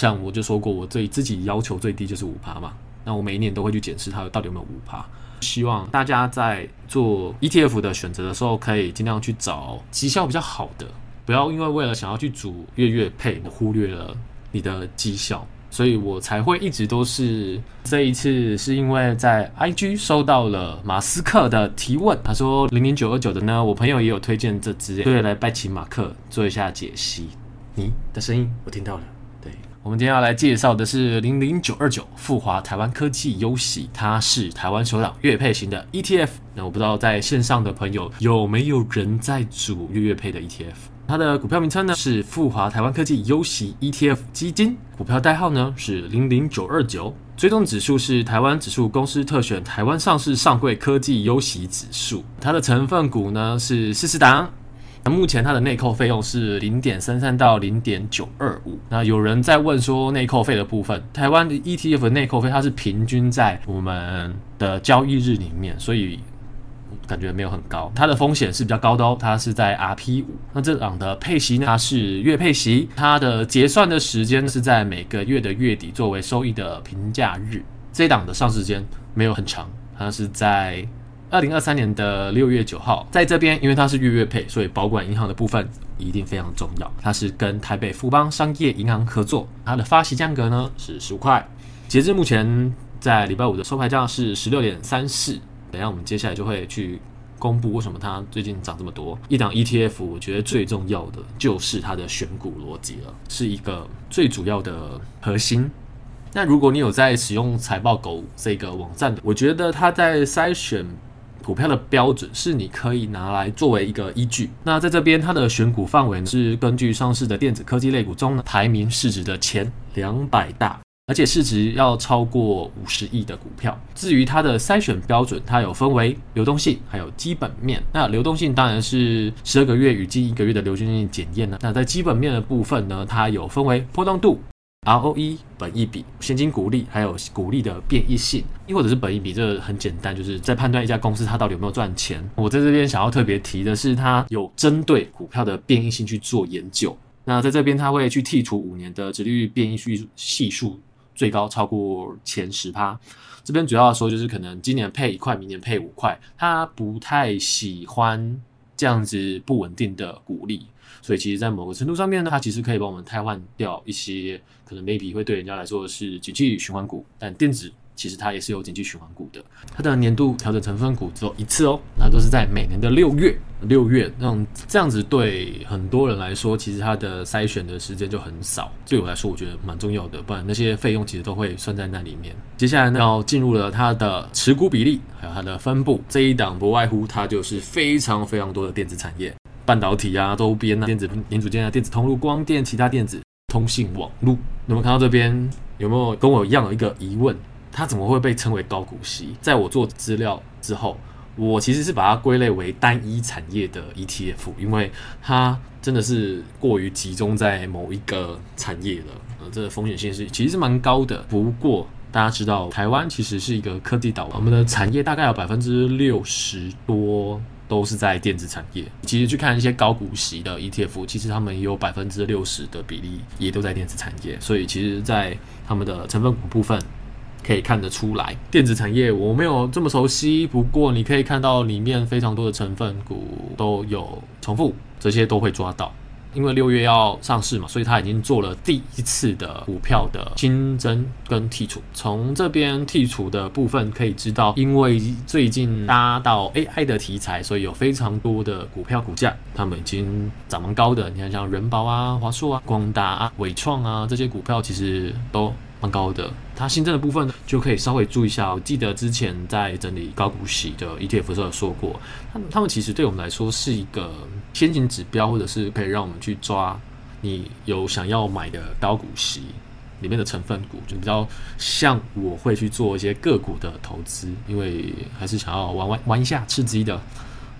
像我就說過，我對自己要求最低就是五趴嘛。那我每一年都會去檢視它到底有沒有五趴。希望大家在做 ETF 的選擇的時候，可以儘量去找績效比較好的，不要因為為了想要去組月月配，我忽略了你的績效。所以我才會一直都是，這一次是因為在 IG 收到了馬斯克的提問，他說00929的呢，我朋友也有推薦這支，對，來拜請馬克做一下解析。你的聲音我聽到了，對。我們今天要來介紹的是零零九二九復華台灣科技優息，它是台灣首檔月配型的 ETF。那我不知道在線上的朋友有沒有人在組月月配的 ETF。它的股票名稱呢是復華台灣科技優息 ETF 基金，股票代號呢是零零九二九，最終指數是台灣指數公司特選台灣上市上櫃科技優息指數。它的成分股呢是四十檔。目前它的內扣費用是零點三三到零點九二五。那有人在問說內扣費的部分，台灣的 ETF 內扣費它是平均在我們的交易日裡面，所以感覺沒有很高。它的風險是比較高的哦，它是在 RP 五。那這檔的配息呢，它是月配息，它的結算的時間是在每個月的月底作為收益的評價日。這檔的上市時間沒有很長，它是在。二零二三年的六月九號，在這邊，因為它是月月配，所以保管銀行的部分一定非常重要。它是跟台北富邦商業銀行合作，它的發行價格呢是十五塊。截至目前，在禮拜五的收盤價是十六點三四。等下我們接下來就會去公布為什麼它最近漲這麼多。一檔 ETF，我覺得最重要的就是它的選股邏輯了，是一個最主要的核心。那如果你有在使用財報狗這個網站的，我覺得它在篩選。股票的標準是你可以拿來作為一個依據。那在這邊，它的選股範圍是根據上市的電子科技類股中呢，排名市值的前兩百大，而且市值要超過五十億的股票。至於它的篩選標準，它有分為流動性，還有基本面。那流動性當然是十二個月與近一個月的流動性檢驗呢。那在基本面的部分呢，它有分為波動度、ROE 本益比、現金股利，還有股利的變異性，亦或者是本益比，這個很簡單，就是在判斷一家公司它到底有沒有賺錢。我在這邊想要特別提的是，它有針對股票的變異性去做研究。那在這邊，它會去剔除五年的殖利率變異性係數最高超過前十趴。這邊主要說就是，可能今年配一塊，明年配五塊，它不太喜歡這樣子不穩定的股利。所以其實，在某個程度上面呢，它其實可以幫我們替換掉一些可能 maybe 會對人家來說的是景氣循環股，但電子其實它也是有景氣循環股的。它的年度調整成分股只有一次哦，那都是在每年的六月。六月那種這樣子，對很多人來說，其實它的篩選的時間就很少。對我來說，我覺得蠻重要的，不然那些費用其實都會算在那裡面。接下來呢，要進入了它的持股比例，還有它的分布這一檔，不外乎它就是非常非常多的電子產業。半導體啊，周邊啊，電子零組件啊，電子通路、光電、其他電子、通信、網絡，有沒有看到這邊？有沒有跟我有一樣有一個疑問？它怎麼會被稱為高股息？在我做資料之後，我其實是把它歸類為單一產業的 ETF，因為它真的是過於集中在某一個產業了，呃，這風險性是其實是蠻高的。不過大家知道，台灣其實是一個科技島，我們的產業大概有百分之六十多。都是在電子產業。其實去看一些高股息的 ETF，其實他們有百分之六十的比例也都在電子產業，所以其實在他們的成分股部分可以看得出來，電子產業我沒有這麼熟悉，不過你可以看到裡面非常多的成分股都有重複，這些都會抓到。因為六月要上市嘛，所以他已經做了第一次的股票的新增跟剔除。從這邊剔除的部分可以知道，因為最近搭到 AI 的題材，所以有非常多的股票股價，他們已經漲蠻高的。你看像，像仁寶啊、華碩啊、廣達啊、偉創啊這些股票，其實都蠻高的，它，新增的部分就可以稍微注意一下哦。我記得之前在整理高股息的 ETF 的時候說過，他們其實對我們來說是一個先行指標，或者是可以讓我們去抓你有想要買的高股息裡面的成分股，就比較像我會去做一些個股的投資，因為還是想要玩玩玩一下刺激的。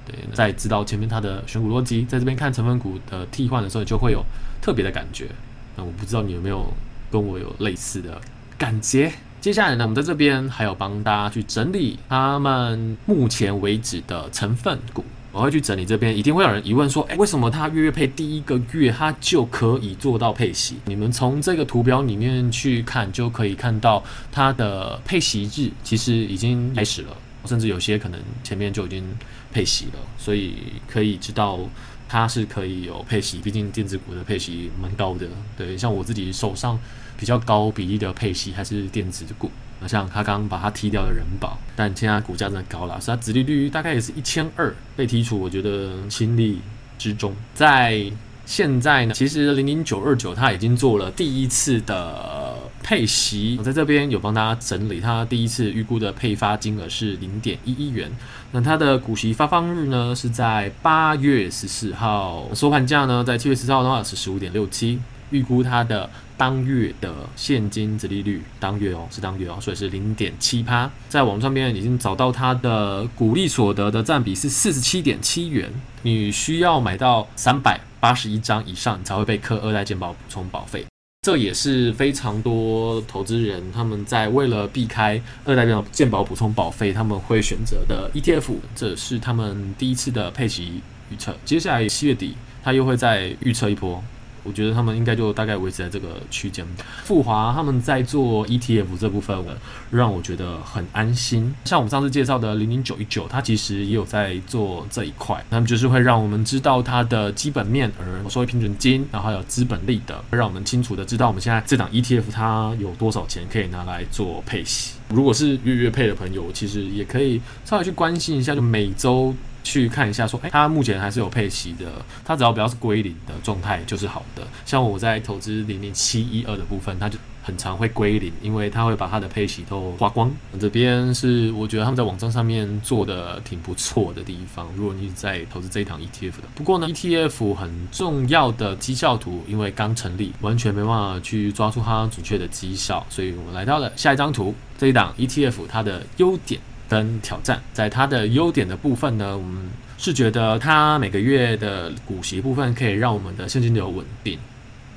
對，在知道前面它的選股邏輯，在這邊看成分股的替換的時候，就會有特別的感覺。那我不知道你有沒有？跟我有類似的感覺。接下來呢，我們在這邊還有幫大家去整理他們目前為止的成分股，我會去整理這邊，一定會有人疑問說：誒，為什麼他月月配第一個月他就可以做到配息？你們從這個圖表裡面去看，就可以看到它的配息日其實已經開始了，甚至有些可能前面就已經配息了，所以可以知道。它是可以有配息，畢竟電子股的配息蠻高的。對，像我自己手上比較高比例的配息還是電子股，那像他剛剛把它踢掉的人保，但現在股價真的高了，所以它殖利率大概也是一千二被剔除，我覺得情理之中。在現在呢，其實零零九二九他已經做了第一次的配息，我在這邊有幫大家整理，它第一次預估的配發金額是零點一一元。那它的股息發放日呢，是在八月十四號，收盤價呢，在七月十四號的話是十五點六七，預估它的當月的現金殖利率，當月喔，是當月喔，所以是零點七趴。在網上面已經找到它的股利所得的佔比是四十七點七元，你需要買到三百八十一張以上才會被扣二代健保補充保費。這也是非常多投資人他們在為了避開二代的健保補充保費，他們會選擇的 ETF。這是他們第一次的配息預測，接下來七月底他又會再預測一波。我覺得他們應該就大概維持在這個區間。復華他們在做 ETF 這部分，讓我覺得很安心。像我們上次介紹的零零九一九，它其實也有在做這一塊，那麼就是會讓我們知道它的基本面，而稍微平準金，然後還有資本利得，讓我們清楚的知道我們現在這檔 ETF 它有多少錢可以拿來做配息。如果是月月配的朋友，其實也可以稍微去關心一下就每周。去看一下，說，欸，它目前還是有配息的。它只要不要是歸零的狀態就是好的。像我在投資零零七一二的部分，它就很常會歸零，因為它會把它的配息都花光。這邊是我覺得他們在網站上面做的挺不錯的地方。如果你一直在投資這一檔 ETF 的，不過呢，ETF 很重要的績效圖，因為剛成立，完全沒辦法去抓住它準確的績效，所以我們來到了下一張圖，這一檔 ETF 它的優點。跟挑戰，在它的優點的部分呢，我們是覺得它每個月的股息部分可以讓我們的現金流穩定，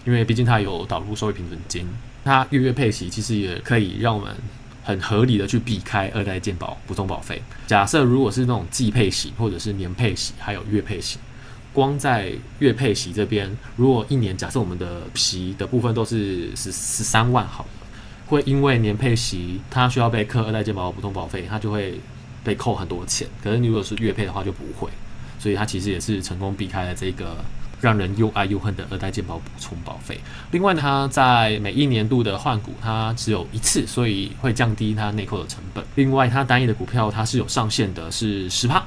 因為畢竟它有導入收益平衡金，它月月配息其實也可以讓我們很合理的去避開二代健保補充保費。假設如果是那種季配息或者是年配息，還有月配息，光在月配息這邊，如果一年假設我們的息的部分都是十十三萬好了，會因為年配息，它需要被扣二代健保補充保費，它就會被扣很多錢。可是你如果是月配的話就不會，所以它其實也是成功避開了這個讓人又愛又恨的二代健保補充保費。另外呢，它在每一年度的換股，它只有一次，所以會降低它內扣的成本。另外，它單一的股票它是有上限的，是十趴。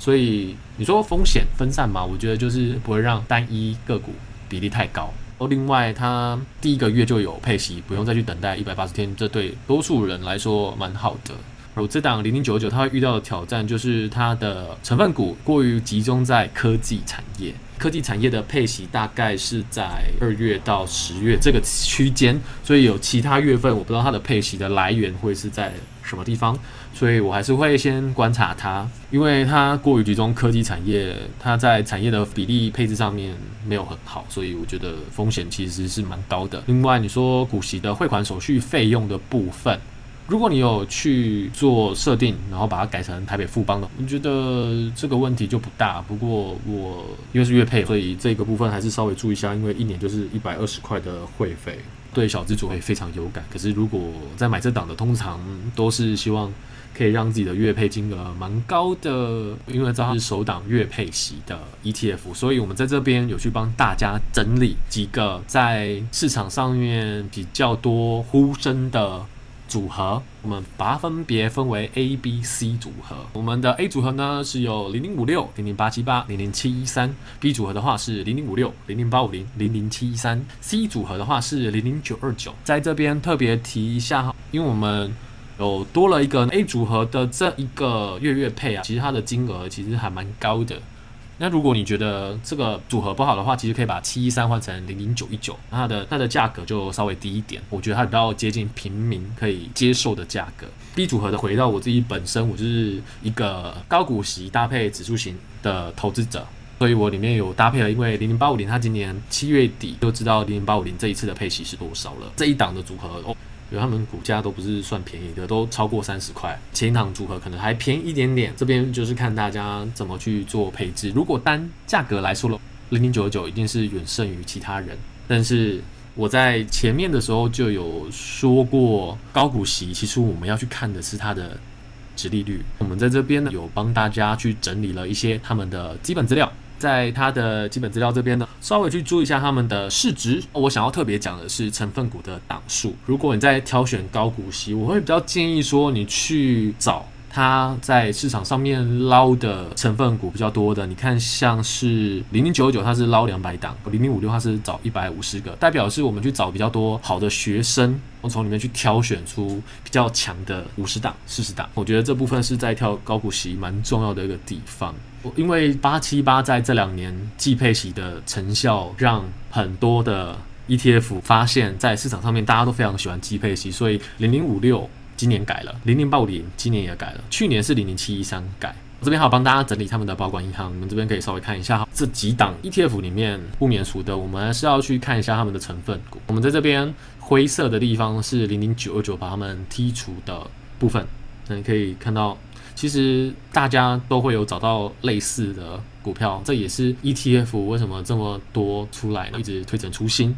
所以你說風險分散嗎？我覺得就是不會讓單一個股比例太高。哦，另外，它第一個月就有配息，不用再去等待一百八十天，這對多數人來說蠻好的。而這檔零零九九，它會遇到的挑戰就是它的成分股過於集中在科技產業。科技產業的配息大概是在二月到十月這個區間，所以有其他月份我不知道它的配息的來源會是在什麼地方，所以我還是會先觀察它，因為它過於集中科技產業，它在產業的比例配置上面沒有很好，所以我覺得風險其實是蠻高的。另外，你說股息的匯款手續費用的部分。如果你有去做設定，然後把它改成台北富邦的，我覺得這個問題就不大。不過我因為是月配，所以這個部分還是稍微注意一下，因為一年就是一百二十塊的會費，對小資族會非常有感。可是如果在買這檔的，通常都是希望可以讓自己的月配金額蠻高的，因為這是首檔月配息的 ETF，所以我們在這邊有去幫大家整理幾個在市場上面比較多呼聲的。組合，我們把它分別分為 A、B、C 組合。我們的 A 組合呢，是有零零五六、零零八七八、零零七一三；B 組合的話是零零五六、零零八五零、零零七一三；C 組合的話是零零九二九。在這邊特別提一下哈，因為我們有多了一個 A 組合的這一個月月配啊，其實它的金額其實還蠻高的。那如果你覺得這個組合不好的話，其實可以把七一三換成零零九一九，它的它的價格就稍微低一點，我覺得它比較接近平民可以接受的價格。B 組合的回到我自己本身，我是一個高股息搭配指數型的投資者，所以我裡面有搭配了，因為零零八五零它今年七月底就知道零零八五零這一次的配息是多少了，這一檔的組合。哦。有他們股價都不是算便宜的，都超過三十塊錢。前一檔組合可能還便宜一點點，這邊就是看大家怎麼去做配置。如果單價格來說了，零零九九一定是遠勝於其他人。但是我在前面的時候就有說過，高股息其實我們要去看的是它的，殖利率。我們在這邊呢有幫大家去整理了一些他們的基本資料。在它的基本資料這邊呢，稍微去注意一下它們的市值。我想要特別講的是成分股的檔數。如果你在挑選高股息，我會比較建議說你去找。它在市場上面撈的成分股比較多的。你看像是零零九九，它是撈兩百檔，零零五六它是找一百五十個，代表是我們去找比較多好的學生，我從裡面去挑選出比較強的五十檔、四十檔，我覺得這部分是在挑高股息蠻重要的一個地方。因為八七八在這兩年季配息的成效，讓很多的 ETF 發現，在市場上面大家都非常喜歡季配息，所以零零五六。今年改了，零零八五零，今年也改了。去年是零零七一三改，我這邊好幫大家整理他們的保管銀行，你們這邊可以稍微看一下哈。這幾檔 ETF 裡面不免俗的，我們還是要去看一下他們的成分股。我們在這邊灰色的地方是零零九二九，把它們剔除的部分。那你可以看到，其實大家都會有找到類似的股票，這也是 ETF 為什麼這麼多出來呢？一直推陳出新。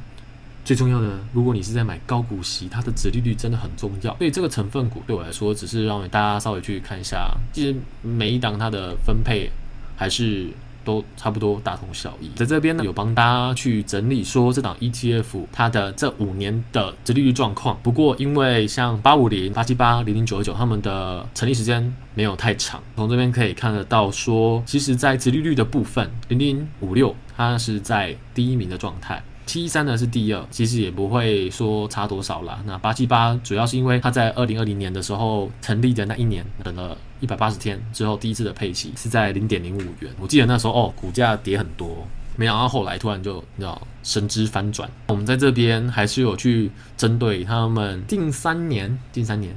最重要的，如果你是在買高股息，它的殖利率真的很重要。所以這個成分股對我來說，只是讓大家稍微去看一下，其實每一檔它的分配還是都差不多，大同小異。在這邊呢，有幫大家去整理說這檔 ETF 它的這五年的殖利率狀況。不過因為像八五零、八七八、零零九九他們的成立時間沒有太長，從這邊可以看得到說，其實在殖利率的部分，零零五六它是在第一名的狀態。七一三呢是第二，其實也不會說差多少啦。那八七八主要是因為它在二零二零年的時候成立的那一年，等了一百八十天之後，第一次的配息是在零點零五元。我記得那時候哦，股價跌很多，沒想到後，後來突然就你知道，神之翻轉。我們在這邊還是有去針對他們近三年，近三年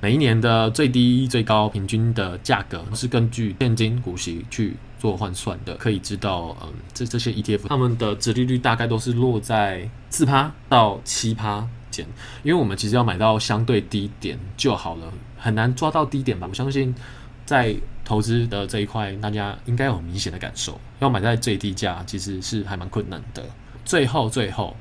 每一年的最低、最高、平均的價格，是根據現金股息去。做換算的，可以知道，嗯，這這些 ETF 它們的殖利率大概都是落在四趴到七趴間，因為我們其實要買到相對低點就好了，很難抓到低點吧？我相信在投資的這一塊，大家應該有明顯的感受，要買在最低價其實是還蠻困難的。最後，最後。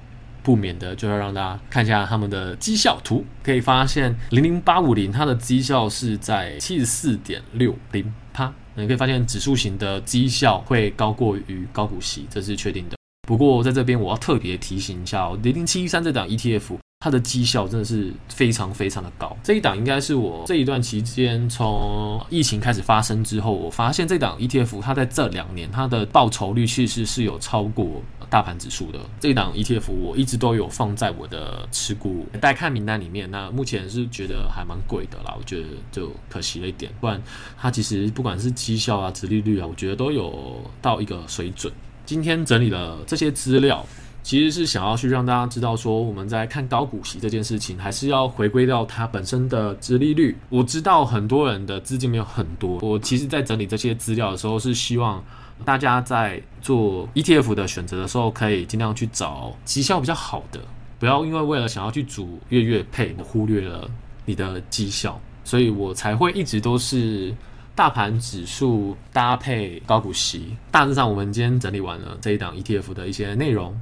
不免的就要讓大家看一下他們的績效圖，可以發現零零八五零它的績效是在七十四點六零趴，你可以發現指數型的績效會高過於高股息，這是確定的。不過在這邊我要特別提醒一下，零零七一三這檔 ETF 它的績效真的是非常非常的高，這一檔應該是我這一段期間從疫情開始發生之後，我發現這檔 ETF 它在這兩年它的報酬率其實是有超過。大盤指數的這一檔 ETF，我一直都有放在我的持股待看名單裡面。那目前是覺得還蠻貴的啦，我覺得就可惜了一點。不然它其實不管是績效啊、殖利率啊，我覺得都有到一個水準。今天整理了這些資料，其實是想要去讓大家知道說，我們在看高股息這件事情，還是要回歸到它本身的殖利率。我知道很多人的資金沒有很多，我其實在整理這些資料的時候是希望。大家在做 ETF 的選擇的時候，可以盡量去找績效比較好的，不要因為為了想要去組月月配，我忽略了你的績效，所以我才會一直都是大盤指數搭配高股息。大致上，我們今天整理完了這一檔 ETF 的一些內容。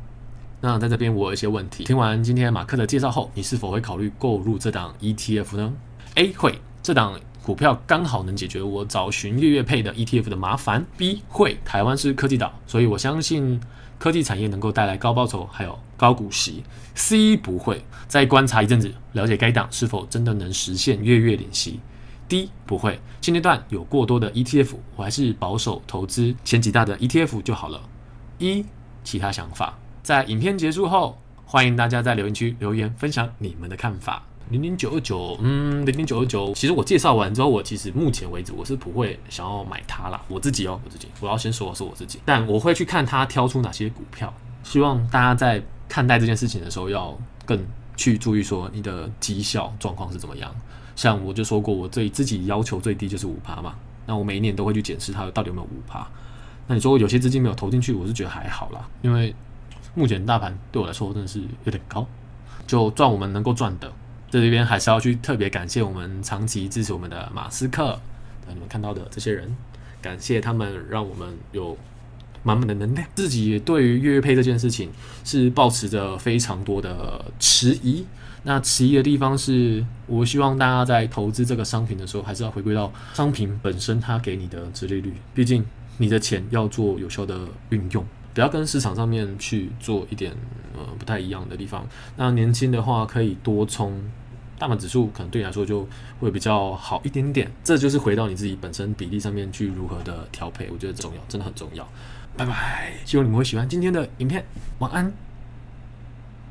那在這邊，我有一些問題，聽完今天馬克的介紹後，你是否會考慮購入這檔 ETF 呢？A 會，這檔。股票剛好能解決我找尋月月配的 ETF 的麻煩。B 會，台灣是科技島，所以我相信科技產業能夠帶來高報酬，還有高股息。C 不會，再觀察一陣子，了解該檔是否真的能實現月月領息。D 不會，現階段有過多的 ETF，我還是保守投資前幾大的 ETF 就好了。E 其他想法，在影片結束後，歡迎大家在留言區留言分享你們的看法。零零九二九，嗯，零零九二九。其實我介紹完之後，我其實目前為止我是不會想要買它啦，我自己哦、喔，我自己，我要先說的是我自己。但我會去看它挑出哪些股票。希望大家在看待這件事情的時候，要更去注意說你的績效狀況是怎麼樣。像我就說過，我對自己要求最低就是五趴嘛。那我每一年都會去檢視它到底有沒有五趴。那你說有些資金沒有投進去，我是覺得還好啦，因為目前大盤對我來說真的是有點高，就賺我們能夠賺的。這裡邊還是要去特別感謝我們長期支持我們的馬斯克，你們看到的這些人，感謝他們讓我們有滿滿的能量。自己對於月配這件事情是抱持着非常多的遲疑。那遲疑的地方是，我希望大家在投資這個商品的時候，還是要回歸到商品本身它給你的殖利率。畢竟你的錢要做有效的運用，不要跟市場上面去做一點呃不太一樣的地方。那年輕的話可以多衝。大盤指數可能對你來說就會比較好一點點，這就是回到你自己本身比例上面去如何的調配，我覺得重要，真的很重要。拜拜，希望你們會喜歡今天的影片，晚安。